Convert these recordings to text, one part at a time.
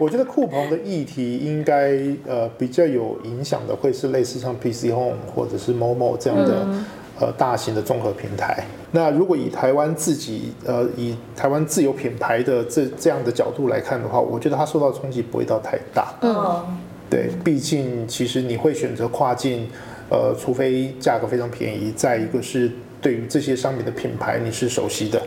我覺得酷澎的議題應該呃比較有影響的，會是類似像 PC Home 或者是 Momo 這樣的，嗯、呃大型的綜合平台。那如果以台灣自己呃以台灣自有品牌的這這樣的角度來看的話，我覺得它受到衝擊不會到太大。嗯，對，畢竟其實你會選擇跨境，呃，除非價格非常便宜，再一個是對於這些商品的品牌你是熟悉的。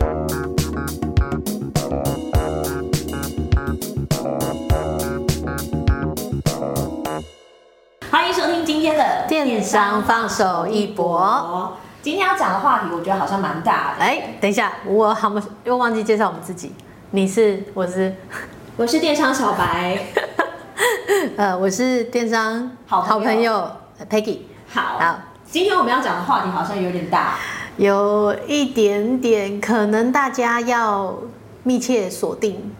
電商放手一搏。今天要講的話題，我覺得好像蠻大的。哎、欸，等一下，我好不又忘記介紹我們自己。你是？我是，我是電商小白。 呃，我是電商好朋友 Peggy。好，好朋友，今天我們要講的話題好像有點大，有，點大有一點點，可能大家要密切鎖定。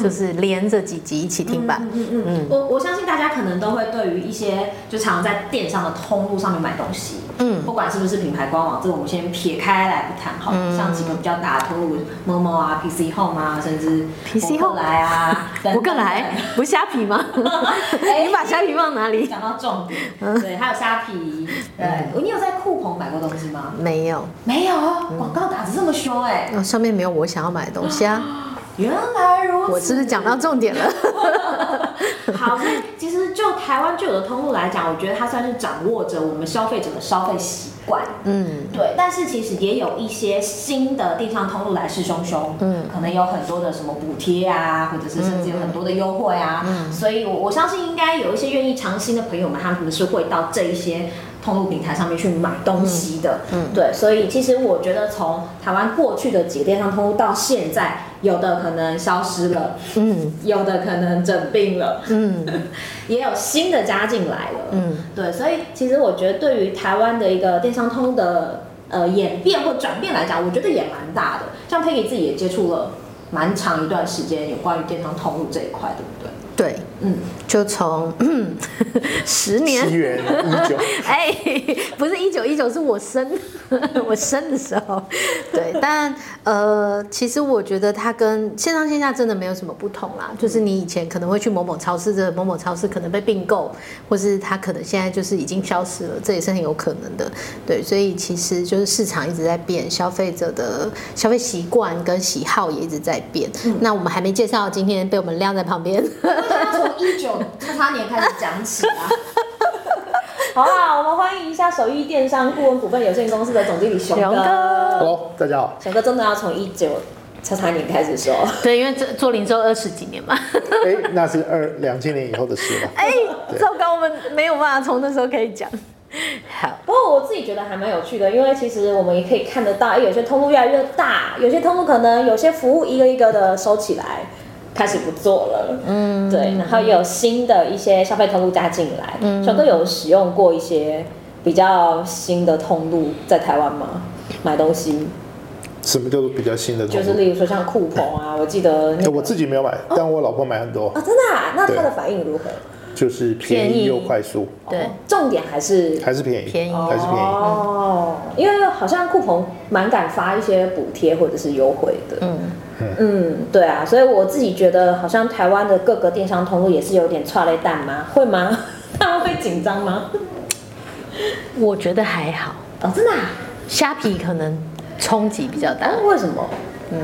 就是連着幾集一起聽吧。嗯嗯嗯，我我相信大家可能都會對於一些就常在電商的通路上面買東西。嗯。不管是不是品牌官網，這我們先撇開來不談。好，像幾個比較大的通路，Momo 啊、PC Home 啊，甚至。PC Home 來啊，我過來，不蝦皮嗎？你把蝦皮放哪裡？講到重點。對，還有蝦皮。對，你有在酷澎買過東西嗎？沒有。沒有？廣告打的這麼凶哎。那上面沒有我想要買的東西啊。原來如此，我是不是講到重點了？ 好，其實就台灣具有的通路來講，我覺得它算是掌握着我們消費者的消費習慣，嗯，對。但是其實也有一些新的地方通路來勢洶洶，嗯，可能有很多的什麼補貼啊，或者是甚至有很多的優惠啊，嗯嗯，所以我，我我相信應該有一些願意嘗新的朋友們，他們可能是會到這一些。通路平台上面去買東西的，嗯，嗯，對，所以其實我覺得從台灣過去的幾個電商通路到現在，有的可能消失了，嗯，有的可能整併了，嗯， 也有新的加進來了，嗯，對，所以其實我覺得對於台灣的一個電商通路的呃演變或轉變來講，我覺得也蠻大的。像 Peggy 自己也接觸了蠻長一段時間有關於電商通路這一塊，對不對？對，嗯，就從、嗯、十年，十年，一九，哎、欸，不是一九一九，是我生我生的時候， 對，但呃，其實我覺得它跟線上線下真的沒有什麼不同啦，就是你以前可能會去某某超市的，這某某超市可能被併購，或是它可能現在就是已經消失了，這也是很有可能的，對，所以其實就是市場一直在變，消費者的消費習慣跟喜好也一直在變，嗯、那我們還沒介紹，今天被我們晾在旁邊。要從一九叉叉年開始講起啊， 好不好？我們歡迎一下首邑電商顧問股份有限公司的總經理熊哥。Hello，哥、哦、大家好。熊哥真的要從一九叉叉年開始說？對，因為做零售二十幾年嘛。哎、 欸，那是二兩千年以後的事了。哎、欸，對糟糕，我們沒有辦法從那時候可以講。好， 不過我自己覺得還蠻有趣的，因為其實我們也可以看得到，有些通路越來越大，有些通路可能有些服務一個一個的收起來。開始不做了，嗯，對，然後有新的一些消費通路加進來，嗯，小哥有使用過一些比較新的通路在台灣嗎？買東西？什麼叫做比較新的通路？就是例如說像酷澎啊，我記得、那個，我自己沒有買，哦，但我老婆買很多，哦，啊，真的？那她的反應如何？就是便宜又快速，對，重點還是還是便宜，便宜還是便宜哦，因為好像酷澎蠻敢發一些補貼或者是優惠的，嗯嗯，對啊，所以我自己覺得好像台灣的各個電商通路也是有點剉咧等嗎？會嗎？他們會緊張嗎？我覺得還好啊，真的，蝦皮可能衝擊比較大，為什麼？嗯，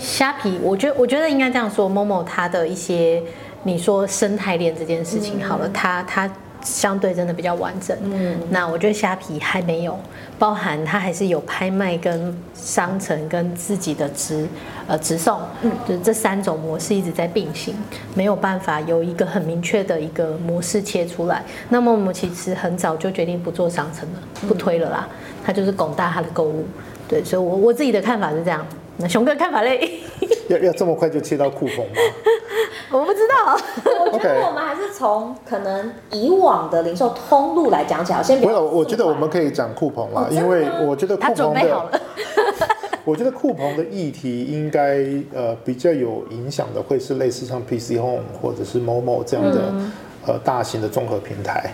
蝦皮，我覺得我覺得應該這樣說，Momo 他的一些。你說生態鏈這件事情好了，嗯、它它相對真的比較完整。嗯，那我覺得蝦皮還沒有包含，它還是有拍賣、跟商城、跟自己的直呃直送，嗯，就這三種模式一直在並行，沒有辦法有一個很明確的一個模式切出來。那麼我們其實很早就決定不做商城了，不推了啦，嗯、它就是拱大它的購物。對，所以我，我我自己的看法是這樣。那熊哥看法嘞？要要這麼快就切到酷澎嗎？ 我不知道，Okay. 我覺得我們還是從可能以往的零售通路來講起來。先不要，我覺得我們可以講酷朋啦，哦、因為我覺得酷朋的， 我覺得酷朋的議題應該呃比較有影響的，會是類似像 PC Home 或者是 Momo 這樣的，嗯、呃大型的綜合平台。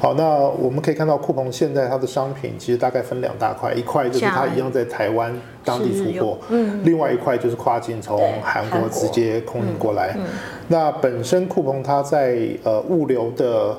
好，那我們可以看到酷澎現在它的商品其實大概分兩大塊，一塊就是它一樣在台灣當地出貨，嗯、另外一塊就是跨境從韓國直接空運過來。嗯嗯、那本身酷澎它在呃物流的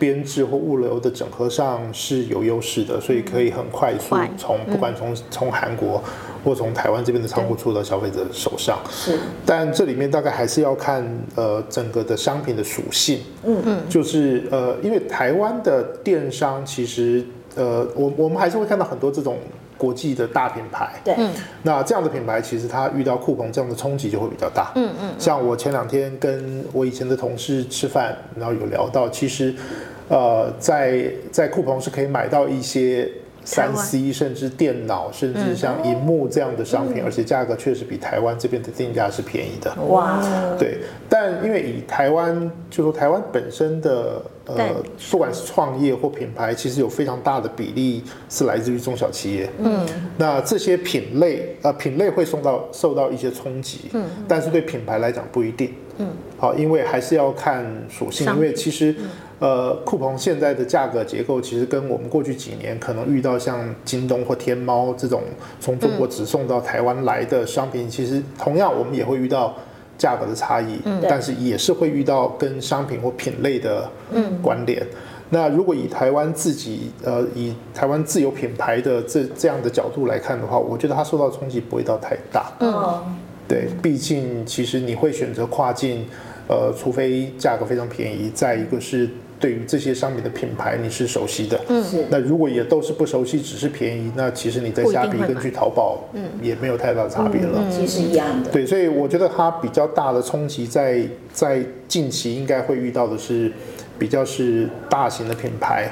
編制或物流的整合上是有優勢的，所以可以很快速從、嗯、不管從從韓國。或從台灣這邊的倉庫出到消費者手上，是、嗯，但這裡面大概還是要看呃整個的商品的屬性，嗯嗯，就是呃因為台灣的電商其實呃我我們還是會看到很多這種國際的大品牌，對、嗯，那這樣的品牌其實它遇到酷朋這樣的衝擊就會比較大，嗯嗯，嗯嗯像我前兩天跟我以前的同事吃飯，然後有聊到，其實呃在在酷朋是可以買到一些。三 C 甚至電腦，甚至像螢幕這樣的商品，嗯，而且價格確實比台灣這邊的定價是便宜的。哇，對，但因為以台灣，就說台灣本身的。對呃，不管是創業或品牌，嗯、其實有非常大的比例是來自於中小企業。嗯，那這些品類，呃，品類會受到受到一些衝擊。嗯，嗯，但是對品牌來講不一定。嗯，好、啊，因為還是要看屬性。嗯、因為其實，呃，酷澎現在的價格結構，其實跟我們過去幾年可能遇到像京東或天貓這種從中國直送到台灣來的商品，嗯嗯、其實同樣我們也會遇到，價格的差異，但是也是會遇到跟商品或品類的關聯。那如果以台灣自己，呃，以台灣自有品牌的這這樣的角度來看的話，我覺得它受到衝擊不會到太大。嗯，對，畢竟其實你會選擇跨境，呃，除非價格非常便宜。再一個是。對於這些商品的品牌，你是熟悉的。嗯，是。那如果也都是不熟悉，只是便宜，那其實你在蝦皮跟去淘寶，嗯，也沒有太大差別了。其實一樣的。對，所以我覺得它比較大的衝擊在，在在近期應該會遇到的是。比較是大型的品牌，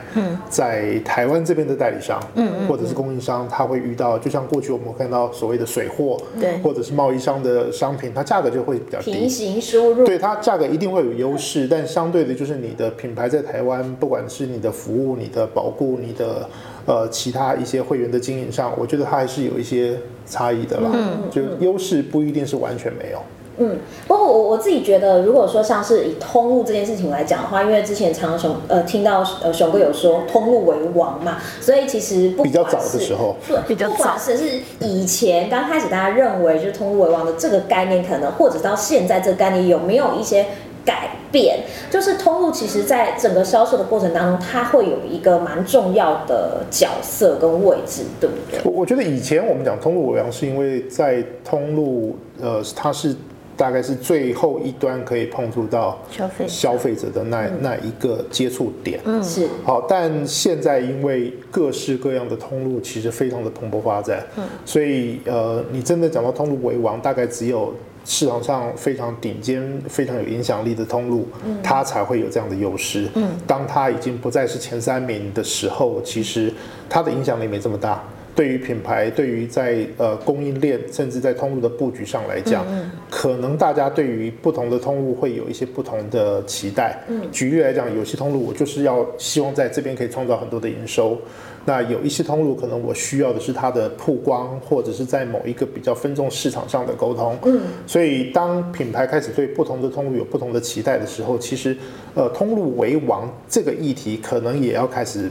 在台灣這邊的代理商，或者是供應商，他會遇到，就像過去我們看到所謂的水貨，對，或者是貿易商的商品，它價格就會比較低。平行輸入，對，它價格一定會有優勢，但相對的，就是你的品牌在台灣，不管是你的服務、你的保固、你的呃其他一些會員的經營上，我覺得它還是有一些差異的啦。嗯，就優勢不一定是完全沒有。嗯，不過我我自己覺得，如果說像是以通路這件事情來講的話，因為之前常常熊呃聽到呃熊哥有說通路為王嘛，所以其實不管是比較早的時候，對，比較早不管是是以前剛開始大家認為就通路為王的這個概念，可能或者到現在這個概念有沒有一些改變？就是通路其實在整個銷售的過程當中，它會有一個蠻重要的角色跟位置，對不對？我我覺得以前我們講通路為王，是因為在通路呃它是。大概是最後一端可以碰觸到消費消費者的那那一個接觸點，嗯，是。好，但現在因為各式各樣的通路其實非常的蓬勃發展，嗯，所以呃，你真的講到通路為王，大概只有市場上非常頂尖、非常有影響力的通路，嗯，它才會有這樣的優勢。嗯，當它已經不再是前三名的時候，其實它的影響力沒這麼大。對於品牌，對於在呃供應鏈，甚至在通路的布局上來講，嗯嗯，可能大家對於不同的通路會有一些不同的期待。嗯，舉例來講，有些通路我就是要希望在這邊可以創造很多的營收。那有一些通路可能我需要的是它的曝光，或者是在某一個比較分眾市場上的溝通。嗯，所以當品牌開始對不同的通路有不同的期待的時候，其實呃，通路為王這個議題可能也要開始。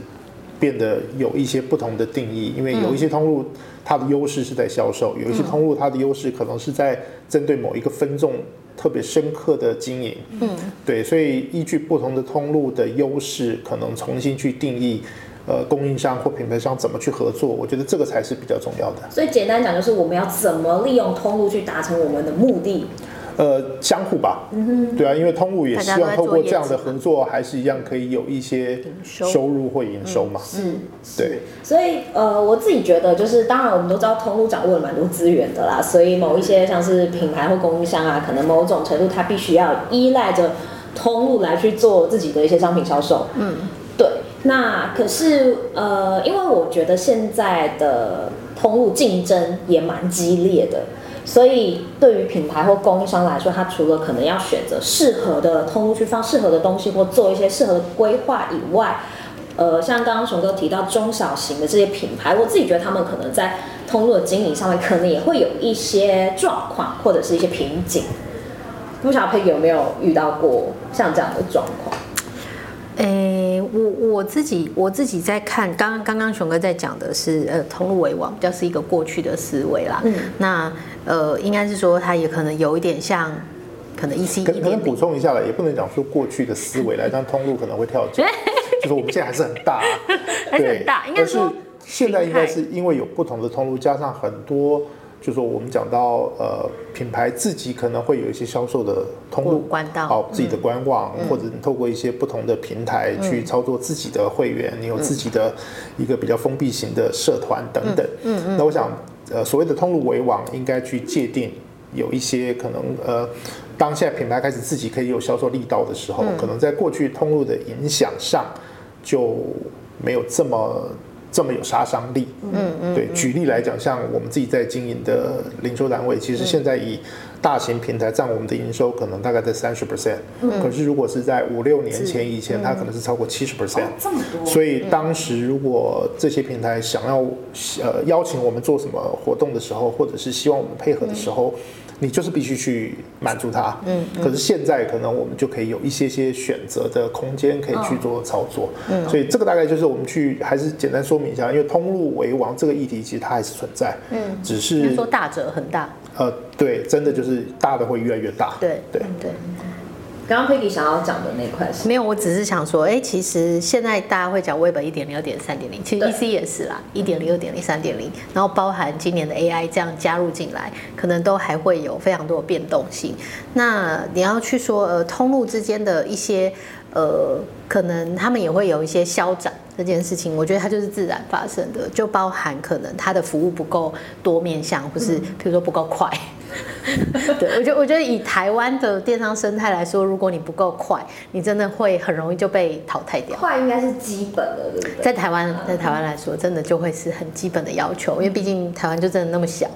變得有一些不同的定義，因為有一些通路它的優勢是在銷售，嗯、有一些通路它的優勢可能是在針對某一個分眾特別深刻的經營。嗯，對，所以依據不同的通路的優勢，可能重新去定義，呃，供應商或品牌商怎麼去合作，我覺得這個才是比較重要的。所以簡單講，就是我們要怎麼利用通路去達成我們的目的。呃，相互吧，嗯、哼對啊，因為通路也希望透過這樣的合作，還是一樣可以有一些收入或營收嘛。嗯，嗯對。所以，呃，我自己覺得，就是當然我們都知道，通路掌握了蠻多資源的啦。所以，某一些像是品牌或供應商啊，可能某種程度他必須要依賴着通路來去做自己的一些商品銷售。嗯，對。那可是，呃，因為我覺得現在的通路競爭也蠻激烈的。所以，對於品牌或供應商來說，他除了可能要選擇適合的通路去放適合的東西，或做一些適合的規劃以外，呃，像剛剛熊哥提到中小型的這些品牌，我自己覺得他們可能在通路的經營上面，可能也會有一些狀況或者是一些瓶頸。不曉得佩有沒有遇到過像這樣的狀況？誒、欸，我我自己我自己在看，剛剛剛熊哥在講的是，呃，通路為王就是一個過去的思維啦。嗯。那呃，應該是說他也可能有一點像，可能、EC、一 c 可能可能補充一下啦，也不能講說過去的思維啦，嗯、但通路可能會跳出，對就是我們現在還是很大。對是大，對應該是。現在應該是因為有不同的通路，態加上很多。就是說我們講到呃，品牌自己可能會有一些銷售的通路，好到、哦，自己的官網、嗯、或者你透過一些不同的平台去操作自己的會員，嗯、你有自己的一個比較封閉型的社團等等。嗯嗯嗯、那我想，呃，所謂的通路為王，應該去界定有一些可能呃，當下品牌開始自己可以有銷售力道的時候，嗯、可能在過去通路的影響上就沒有這麼。這麼有殺傷力，嗯嗯，對，舉例來講，像我們自己在經營的零售單位，其實現在以大型平台佔我們的營收，可能大概在三十 percent，可是如果是在五六年前以前，嗯、它可能是超過七十 percent，這麼多。所以當時如果這些平台想要呃邀請我們做什麼活動的時候，或者是希望我們配合的時候。嗯你就是必須去滿足它，嗯。嗯，可是現在可能我們就可以有一些些選擇的空間，可以去做操作，哦、嗯、哦。所以這個大概就是我們去還是簡單說明一下，因為通路為王這個議題其實它還是存在，嗯。只是說大者很大，呃，對，真的就是大的會越來越大，對對對。對對剛剛 Katy 想要講的那塊是？沒有，我只是想說，哎、欸，其實現在大家會講 Web 一點零、二點三點零，其實 EC 也是啦，一點零、二點零、三點零，然後包含今年的 AI 這樣加入進來，可能都還會有非常多的變動性。那你要去說呃，通路之間的一些呃，可能他們也會有一些消長。這件事情，我覺得它就是自然發生的，就包含可能它的服務不夠多面向，或是譬如說不夠快。嗯、 對，我覺得我覺得以台灣的電商生態來說，如果你不夠快，你真的會很容易就被淘汰掉。快應該是基本的，對？在台灣，在台灣來說，真的就會是很基本的要求，因為畢竟台灣就真的那麼小。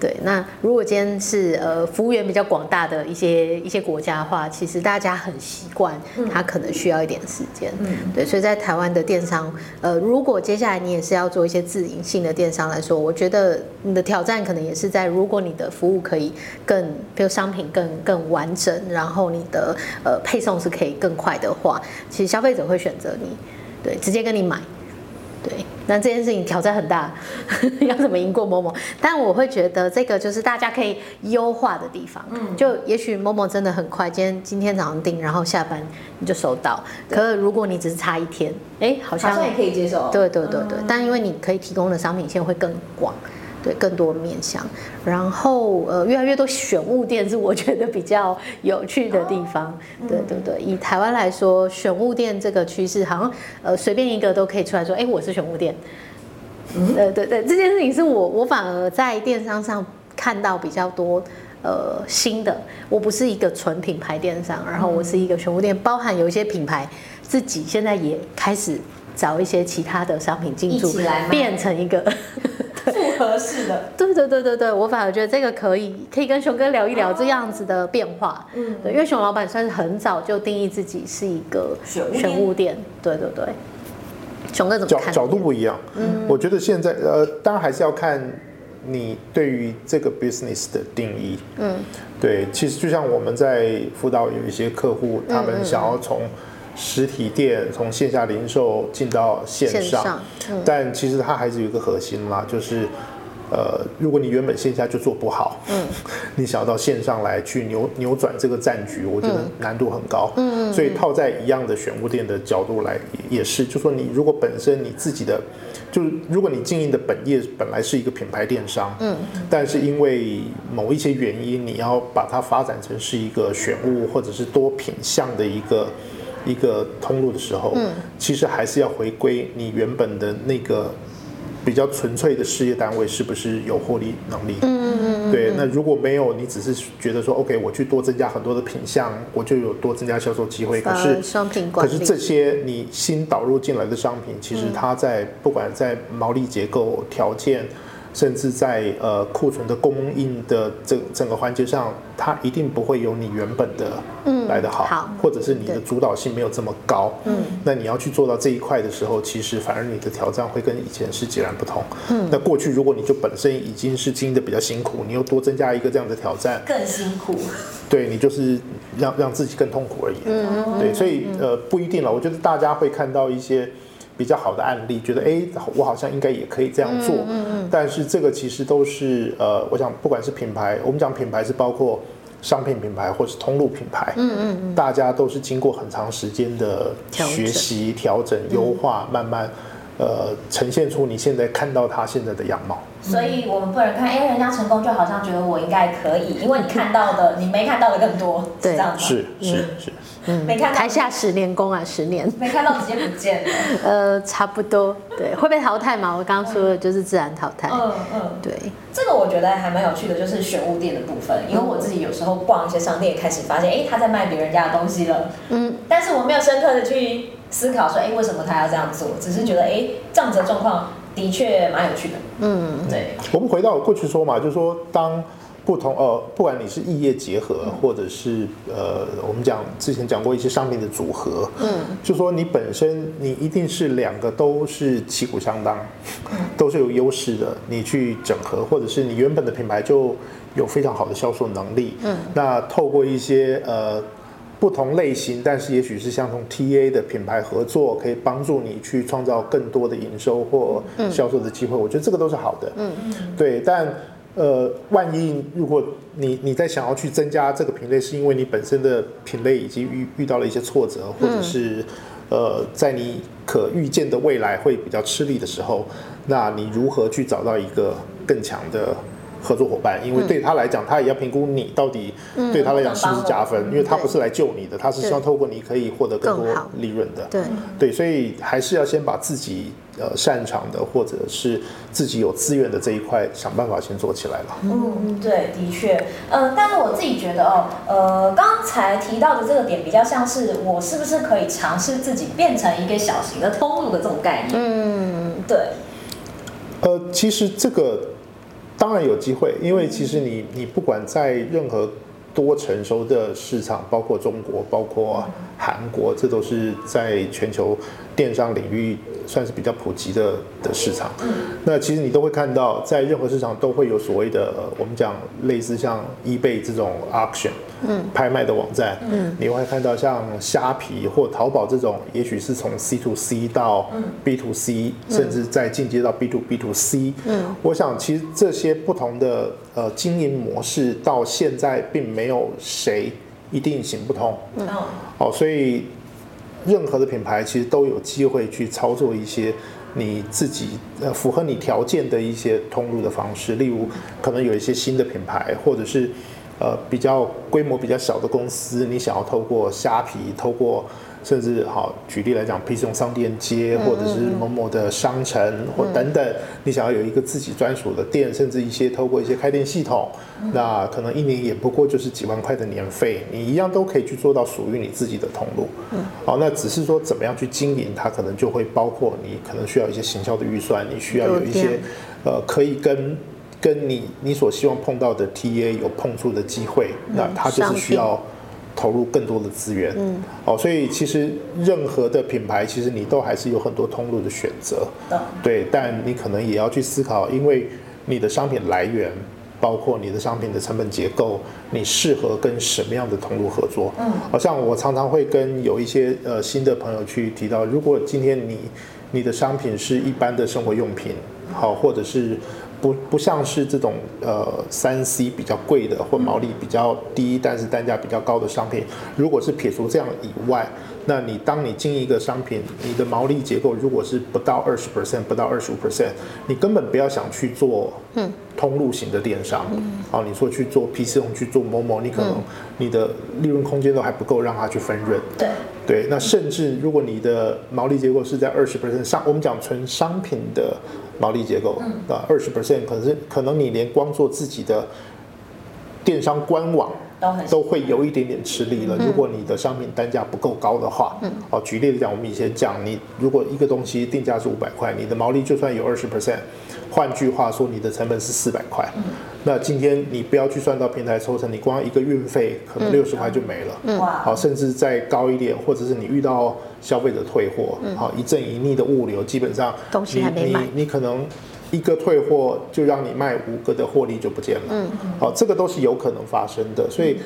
對，那如果今天是呃，服務員比較廣大的一些一些國家的話，其實大家很習慣，嗯，他可能需要一點時間。嗯，對，所以在台灣的電商，呃，如果接下來你也是要做一些自營性的電商來說，我覺得你的挑戰可能也是在，如果你的服務可以更，比如商品更更完整，然後你的呃配送是可以更快的話，其實消費者會選擇你，對，直接跟你買，對。但這件事情挑戰很大， 要怎麼贏過 Momo？但我會覺得這個就是大家可以優化的地方。嗯、就也許 Momo 真的很快，今天今天早上訂，然後下班你就收到。對可是如果你只是差一天，哎、欸，好像，好像也可以接受。對對，對對對，嗯、但因為你可以提供的商品線會更廣。對，更多面向，然後呃，越來越多選物店是我覺得比較有趣的地方，對對對。以台灣來說，選物店這個趨勢，好像呃，隨便一個都可以出來說，哎，我是選物店。嗯，對對對，對。這件事情是我，我反而在電商上看到比較多呃新的。我不是一個純品牌電商，然後我是一個選物店，包含有一些品牌自己現在也開始找一些其他的商品進駐，變成一個。 合適的，對對對對對，我反而覺得這個可以，可以跟熊哥聊一聊這樣子的變化，嗯，對，因為熊老闆算是很早就定義自己是一個選物店，對對對，熊哥怎麼看？角，角度不一樣。嗯，我覺得現在呃，當然還是要看你對於這個 business 的定義，嗯，對，其實就像我們在輔導有一些客戶，他們想要從。實體店從線下零售進到線上，線上嗯、但其實它還是有一個核心啦。就是，呃，如果你原本線下就做不好，嗯、你想要到線上來去扭扭轉這個戰局，我覺得難度很高，嗯、所以套在一樣的選物店的角度來也是，就說你如果本身你自己的，就是如果你經營的本業本來是一個品牌電商，嗯、但是因為某一些原因，你要把它發展成是一個選物或者是多品項的一個。一個通路的時候，嗯，其實還是要回歸你原本的那個比較純粹的事業單位，是不是有獲利能力？嗯嗯嗯嗯。對，那如果沒有，你只是覺得說，OK，我去多增加很多的品項，我就有多增加銷售機會。可是，商品管理。可是這些你新導入進來的商品，其實它在不管在毛利結構、條件。甚至在呃庫存的供應的這整個環節上，它一定不會有你原本的來得好，嗯、好或者是你的主導性沒有這麼高。嗯對，那你要去做到這一塊的時候，其實反而你的挑戰會跟以前是截然不同。嗯，那過去如果你就本身已經是經營的比較辛苦，你又多增加一個這樣的挑戰，更辛苦。對，你就是讓讓自己更痛苦而已。嗯，對，所以呃不一定了。我覺得大家會看到一些。比較好的案例，覺得哎、欸，我好像應該也可以這樣做。嗯嗯、但是這個其實都是呃，我想不管是品牌，我們講品牌是包括商品品牌或是通路品牌，嗯嗯、嗯，大家都是經過很長時間的學習、調整、整、嗯、優化，慢慢呃、呃呈現出你現在看到它現在的樣貌。嗯、所以我們不能看，哎，人家成功就好像覺得我應該可以，因為你看到的， 你沒看到的更多，對是這樣嗎？是是是是。是是嗯嗯，沒看到台下十年功啊，十年沒看到直接不見了。 呃，差不多，對，會被淘汰嗎？我剛剛說的就是自然淘汰。嗯嗯，嗯對。這個我覺得還蠻有趣的，就是選物店的部分，因為我自己有時候逛一些商店，開始發現，哎、嗯欸，他在賣別人家的東西了。嗯。但是我沒有深刻的去思考，說，哎、欸，為什麼他要這樣做？只是覺得，哎、欸，這樣子的狀況的確蠻有趣的。嗯，對。我們回到我過去說嘛，就是說當。不同呃，不管你是異業結合，或者是呃，我們講之前講過一些商品的組合，嗯，就說你本身你一定是兩個都是旗鼓相當，都是有優勢的，你去整合，或者是你原本的品牌就有非常好的銷售能力，嗯，那透過一些呃不同類型，但是也許是相同 TA 的品牌合作，可以幫助你去創造更多的營收或銷售的機會，嗯，我覺得這個都是好的，嗯嗯，對，但。呃，萬一如果你你在想要去增加這個品類，是因為你本身的品類已經遇遇到了一些挫折，或者是，呃，在你可預見的未來會比較吃力的時候，那你如何去找到一個更強的合作夥伴，因為對他來講，嗯、他也要評估你到底對他來講是不是加分，嗯、因為他不是來救你的，對他是希望透過你可以獲得更多利潤的。對對，所以還是要先把自己呃擅長的或者是自己有資源的這一塊想辦法先做起來了。嗯，對，的確、呃，但是我自己覺得哦，呃，剛才提到的這個點比較像是我是不是可以嘗試自己變成一個小型的通路的這種概念。嗯，對。呃，其實這個。當然有機會，因為其實你你不管在任何。多成熟的市場，包括中國，包括韓國，嗯、這都是在全球電商領域算是比較普及的的市場。嗯、那其實你都會看到，在任何市場都會有所謂的，呃、我們講類似像 eBay 這種 auction，嗯，拍賣的網站，嗯，你會看到像蝦皮或淘寶這種，也許是從 C to C 到 B to C，嗯、甚至再進階到 B to B to C。嗯，我想其實這些不同的。呃，經營模式到現在並沒有誰一定行不通。嗯，oh. 哦，所以任何的品牌其實都有機會去操作一些你自己符合你條件的一些通路的方式。例如，可能有一些新的品牌，或者是呃比較規模比較小的公司，你想要透過蝦皮，透過。甚至好，舉例來講，配送商店街，或者是某某的商城，或等等，你想要有一個自己專屬的店，嗯、甚至一些透過一些開店系統，嗯、那可能一年也不過就是幾萬塊的年費，你一樣都可以去做到屬於你自己的通路。嗯、好，那只是說怎麼樣去經營它，可能就會包括你可能需要一些行銷的預算，你需要有一些，呃，可以跟跟你你所希望碰到的 TA 有碰觸的機會，嗯、那它就是需要。投入更多的資源，嗯，哦，所以其實任何的品牌，其實你都還是有很多通路的選擇，嗯、對，但你可能也要去思考，因為你的商品來源，包括你的商品的成本結構，你適合跟什麼樣的通路合作？嗯，好、哦、像我常常會跟有一些呃，新的朋友去提到，如果今天你你的商品是一般的生活用品，好、哦，或者是。不不像是這種呃三 C 比較貴的或毛利比較低，但是單價比較高的商品。如果是撇除這樣以外，那你當你進一個商品，你的毛利結構如果是不到二十 percent，不到二十五 percent，你根本不要想去做嗯通路型的電商。嗯。哦，你說去做 PChome，去做 Momo，你可能你的利潤空間都還不夠讓它去分潤。對。對，那甚至如果你的毛利結構是在二十 percent 上，像我們講純商品的。毛利結構啊，二十 percent 可能可能你連光做自己的電商官網都會有一點點吃力了。如果你的商品單價不夠高的話，哦，舉例來講，我們以前講，你如果一個東西定價是五百塊，你的毛利就算有二十 percent，換句話說，你的成本是四百塊。那今天你不要去算到平台抽成，你光一個運費可能六十塊就沒了。好，甚至再高一點，或者是你遇到。消費者退貨，好，一正一逆的物流，嗯、基本上你，你你你可能一個退貨就讓你賣五個的獲利就不見了，好、嗯嗯、這個都是有可能發生的。所以，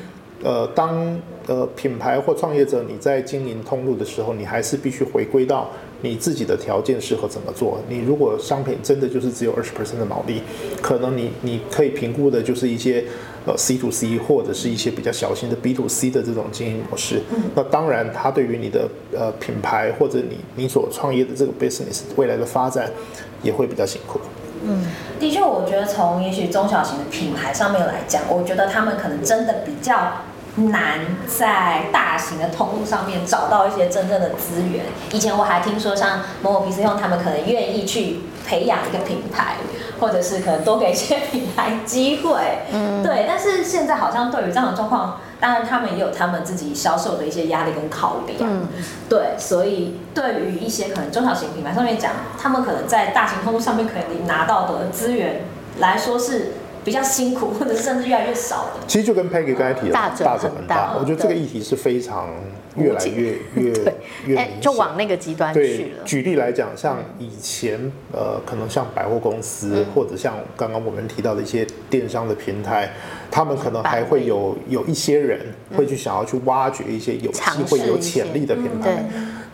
呃，當呃品牌或創業者你在經營通路的時候，你還是必須回歸到你自己的條件適合怎麼做。你如果商品真的就是只有二十 percent 的毛利，可能你你可以評估的就是一些。呃，C to C 或者是一些比較小型的 B to C 的這種經營模式，嗯、那當然，它對於你的呃品牌或者你你所創業的這個 business 未來的發展，也會比較辛苦。嗯、的確，我覺得從也許中小型的品牌上面來講，我覺得他們可能真的比較難在大型的通路上面找到一些真正的資源。以前我還聽說，像 momo、PChome，他們可能願意去培養一個品牌。或者是可能多給一些品牌機會，嗯、對。但是現在好像對於這樣的狀況，當然他們也有他們自己銷售的一些壓力跟考量，嗯、對。所以對於一些可能中小型品牌上面講，他們可能在大型通路上面可以拿到的資源來說是，比較辛苦，或者甚至越來越少。其實就跟 Peggy 剛才提的大折很大，我覺得這個議題是非常越來越越越就往那個極端去了。舉例來講，像以前呃，可能像百貨公司，或者像剛剛我們提到的一些電商的平台，他們可能還會有有一些人會去想要去挖掘一些有機會有潛力的品牌。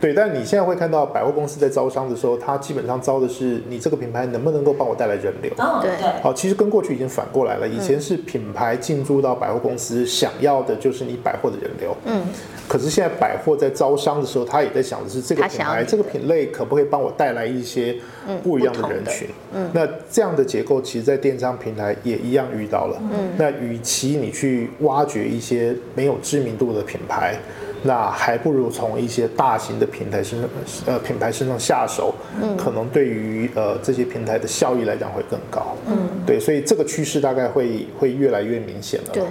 對，但你現在會看到百貨公司在招商的時候，它基本上招的是你這個品牌能不能夠幫我帶來人流。Oh, 對，對。好，其實跟過去已經反過來了，以前是品牌進駐到百貨公司，嗯、想要的就是你百貨的人流。嗯。可是現在百貨在招商的時候，他也在想的是這個品牌品這個品類可不可以幫我帶來一些不一樣的人群？嗯。嗯，那這樣的結構，其實，在電商平台也一樣遇到了。嗯。那，與其你去挖掘一些沒有知名度的品牌。那還不如從一些大型的平台身上呃品牌身上下手，嗯、可能對於呃這些平台的效益來講會更高。嗯，對，所以這個趨勢大概會會越來越明顯了。對，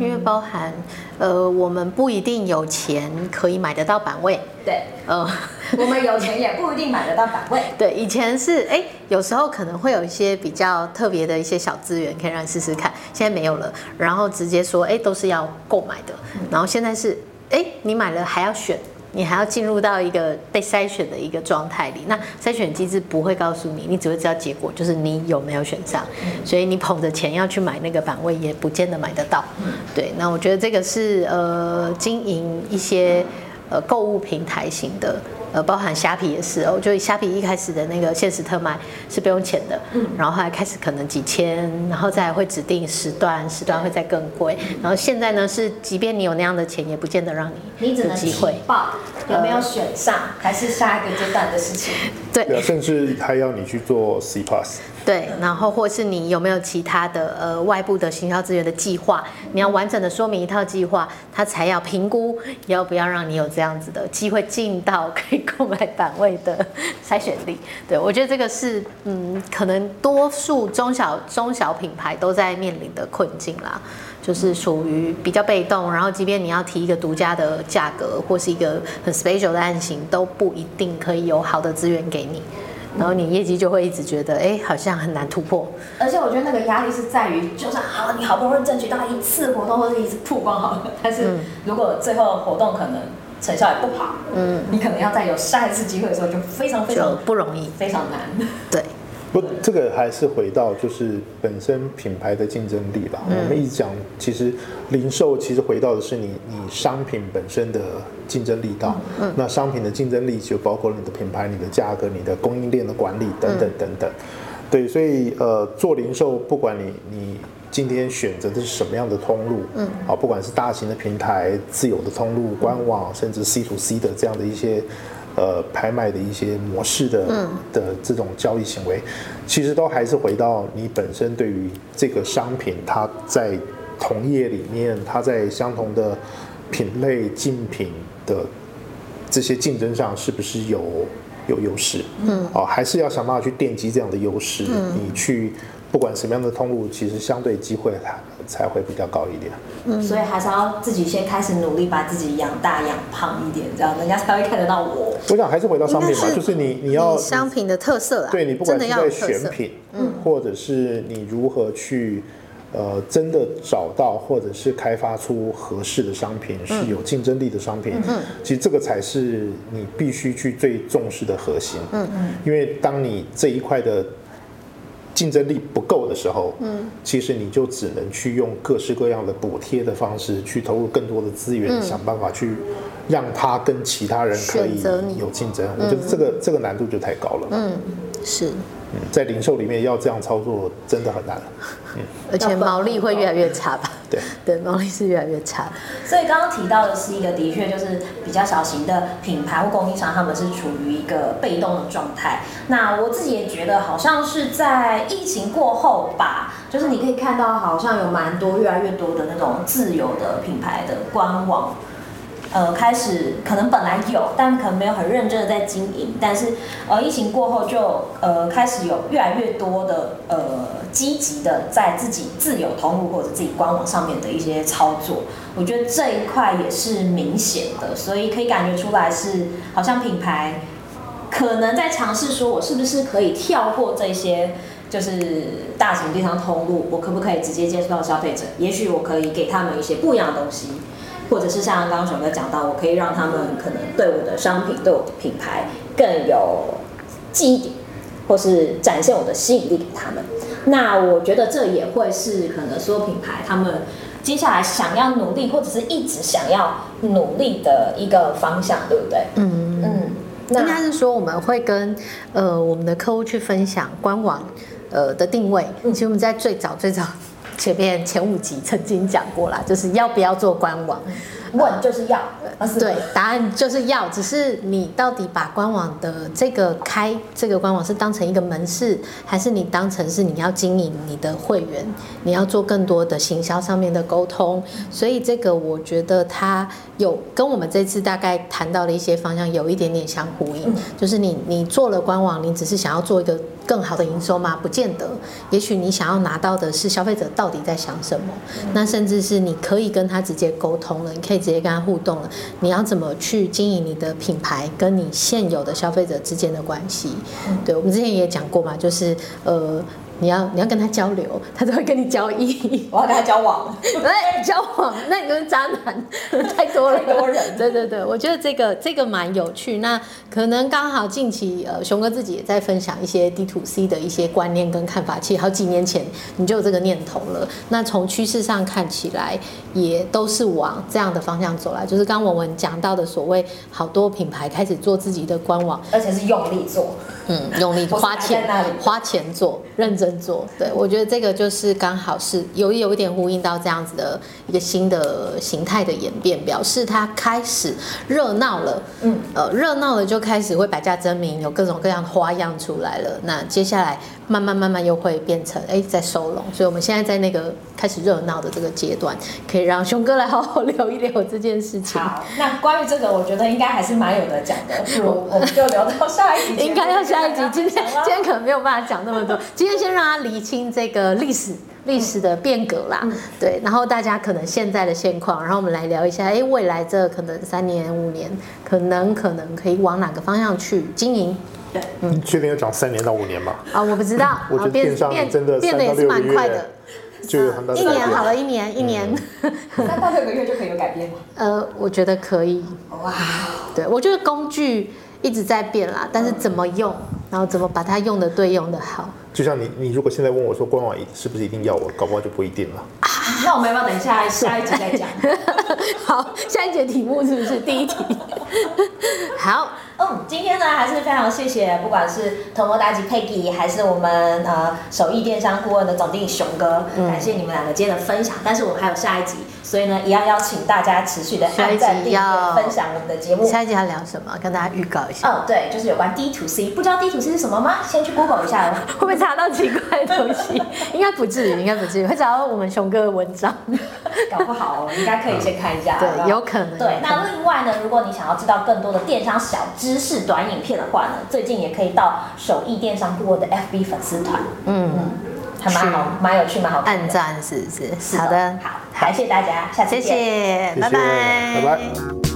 因為包含呃我們不一定有錢可以買得到版位，對，呃，我們有錢也不一定買得到版位。 對，以前是哎、欸、有時候可能會有一些比較特別的一些小資源可以讓你試試看，現在沒有了，然後直接說哎、欸、都是要購買的，然後現在是。哎、欸，你買了還要選，你還要進入到一個被篩選的一個狀態裡。那篩選機制不會告訴你，你只會知道結果，就是你有沒有選上。嗯、所以你捧着錢要去買那個版位，也不見得買得到。嗯、對，那我覺得這個是呃，經營一些呃購物平台型的。呃，包含蝦皮也是哦，得蝦對皮一開始的那個限時特賣是不用錢的，嗯、然後還開始可能幾千，然後再會指定時段，時段會再更貴，對然後現在呢是，即便你有那樣的錢，也不見得讓你你有機會只能報，有沒有選上，呃、還是下一個階段的事情，對，對甚至還要你去做 C plus。對，然後或是你有沒有其他的呃外部的行銷資源的計劃？你要完整的說明一套計劃，他才要評估要不要讓你有這樣子的機會進到可以購買版位的篩選裡。對我覺得這個是嗯，可能多數中小中小品牌都在面臨的困境啦，就是屬於比較被動，然後即便你要提一個獨家的價格或是一個很 special 的案型，都不一定可以有好的資源給你。然後你業績就會一直覺得，哎、欸，好像很難突破。而且我覺得那個壓力是在於，就算好、啊，你好不容易爭取到一次活動或者一次曝光，好了，但是如果最後活動可能成效也不好，嗯，你可能要再有下一次機會的時候就非常非常不容易，非常難，對。不，這個還是回到就是本身品牌的競爭力吧。嗯、我們一直講，其實零售其實回到的是你你商品本身的競爭力道，到、嗯嗯、那商品的競爭力就包括了你的品牌、你的價格、你的供應鏈的管理等等等等。嗯、對，所以呃，做零售，不管你你今天選擇的是什麼樣的通路，嗯，啊，不管是大型的平台、自有的通路、官網，甚至 C to C 的這樣的一些。呃，拍賣的一些模式的的這種交易行為，嗯、其實都還是回到你本身對於這個商品，它在同業裡面，它在相同的品類競品的這些競爭上，是不是有有優勢？嗯，哦、啊，還是要想辦法去奠基這樣的優勢，嗯、你去。不管什麼樣的通路，其實相對機會才才會比較高一點。嗯，所以還是要自己先開始努力，把自己養大養胖一點，這樣人家才會看得到我。我想還是回到商品吧，應該是就是你你要你商品的特色，對你不管是在選品，嗯，或者是你如何去呃真的找到或者是開發出合適的商品，是有競爭力的商品。嗯，其實這個才是你必須去最重視的核心。嗯嗯，因為當你這一塊的。競爭力不夠的時候，嗯，其實你就只能去用各式各樣的補貼的方式，去投入更多的資源，嗯、想辦法去讓他跟其他人可以有競爭。我覺得這個、嗯、這個難度就太高了。嗯，是。嗯，在零售裡面要這樣操作真的很難。嗯，而且毛利會越來越差吧。對，對，能力是越來越差的。所以剛剛提到的是一個，的確就是比較小型的品牌或供應商，他們是處於一個被動的狀態。那我自己也覺得，好像是在疫情過後吧，就是你可以看到，好像有蠻多越來越多的那種自有的品牌的官網。呃，開始可能本來有，但可能沒有很認真的在經營。但是，呃，疫情過後就呃開始有越來越多的呃積極的在自己自有通路或者自己官網上面的一些操作。我覺得這一塊也是明顯的，所以可以感覺出來是好像品牌可能在嘗試說我是不是可以跳過這些就是大型電商通路，我可不可以直接接觸到消費者？也許我可以給他們一些不一樣的東西。或者是像剛剛熊哥講到，我可以讓他們可能對我的商品、對我的品牌更有記憶點，或是展現我的吸引力給他們。那我覺得這也會是可能所有品牌他們接下來想要努力，或者是一直想要努力的一個方向，對不對？嗯嗯，嗯，那應該是說我們會跟呃我們的客戶去分享官網呃的定位。其實、嗯、我們在最早最早。前面前五集曾經講過啦，就是要不要做官網？問就是要，呃、是不是？對，答案就是要。只是你到底把官網的這個開這個官網是當成一個門市，還是你當成是你要經營你的會員，你要做更多的行銷上面的溝通？所以這個我覺得它有跟我們這次大概談到的一些方向有一點點相呼應，就是你你做了官網，你只是想要做一個。更好的營收嗎？不見得，也許你想要拿到的是消費者到底在想什麼，那甚至是你可以跟他直接溝通了，你可以直接跟他互動了，你要怎麼去經營你的品牌跟你現有的消費者之間的關係。對，我們之前也講過嘛，就是呃。你要你要跟他交流，他才會跟你交易。我要跟他交往，哎， 交往，那你就是，是渣男，太多了，太多人。對對對，我覺得這個這個蠻有趣。那可能剛好近期呃，熊哥自己也在分享一些 D to C 的一些觀念跟看法。其實好幾年前你就有這個念頭了。那從趨勢上看起來，也都是往這樣的方向走來，就是剛剛文文講到的所謂好多品牌開始做自己的官網，而且是用力做，嗯，用力花錢花錢做認真。作，對我覺得這個就是剛好是有有一點呼應到這樣子的一個新的形態的演變，表示它開始熱鬧了，嗯，呃，熱鬧了就開始會百家爭鳴，有各種各樣的花樣出來了。那接下來慢慢慢慢又會變成哎，在收攏，所以我們現在在那個。開始熱鬧的這個階段，可以讓熊哥來好好聊一聊這件事情。好，那關於這個，我覺得應該還是蠻有得講的。我我們就聊到下一集， 應該要下一集。今天今天可能沒有辦法講那麼多， 今天先讓他理清這個歷史 歷史的變革啦。 嗯、對，然後大家可能現在的現況，然後我們來聊一下。哎，未來這可能三年五年，可能可能可以往哪個方向去經營？對嗯、你確定要講三年到五年嗎？啊、哦，我不知道。 嗯、我覺得電商真的變，變得也是蠻快的。就很嗯、一年好了，一年一年，那到這個月就很有改變嗎？ 呃，我覺得可以。哇 Wow.，對，我覺得工具一直在變啦，但是怎麼用，然後怎麼把它用的對，用的好。就像你，你如果現在問我說官網是不是一定要我，搞不好就不一定了。啊、那我們要不要等下下一集再講。對 好，下一節題目是不是第一題？ 好，嗯，今天呢還是非常謝謝，不管是頭毛大吉 Peggy，還是我們呃首邑電商顧問的總經理熊哥，嗯、感謝你們兩個今天的分享。但是我們還有下一集，所以呢，一樣要請大家持續的來訂閱分享我們的節目。下一集要聊什麼？跟大家預告一下。嗯、哦，對，就是有關 D to C。不知道 D to C 是什麼嗎？先去 Google 一下。會。會查到奇怪的東西，應該不至於，應該不至於。會找到我們熊哥的文章，搞不好，哦，應該可以先看一下。嗯、好好對，有可能。對，那另外呢，如果你想要知道更多的電商小知識、短影片的話呢，最近也可以到首邑電商部的 FB 粉絲團。嗯嗯，蠻、嗯、好，蠻是有趣，蠻好看，按讚，是不是？好的好，好，感謝大家，好下次見，謝謝拜拜，謝謝，拜拜。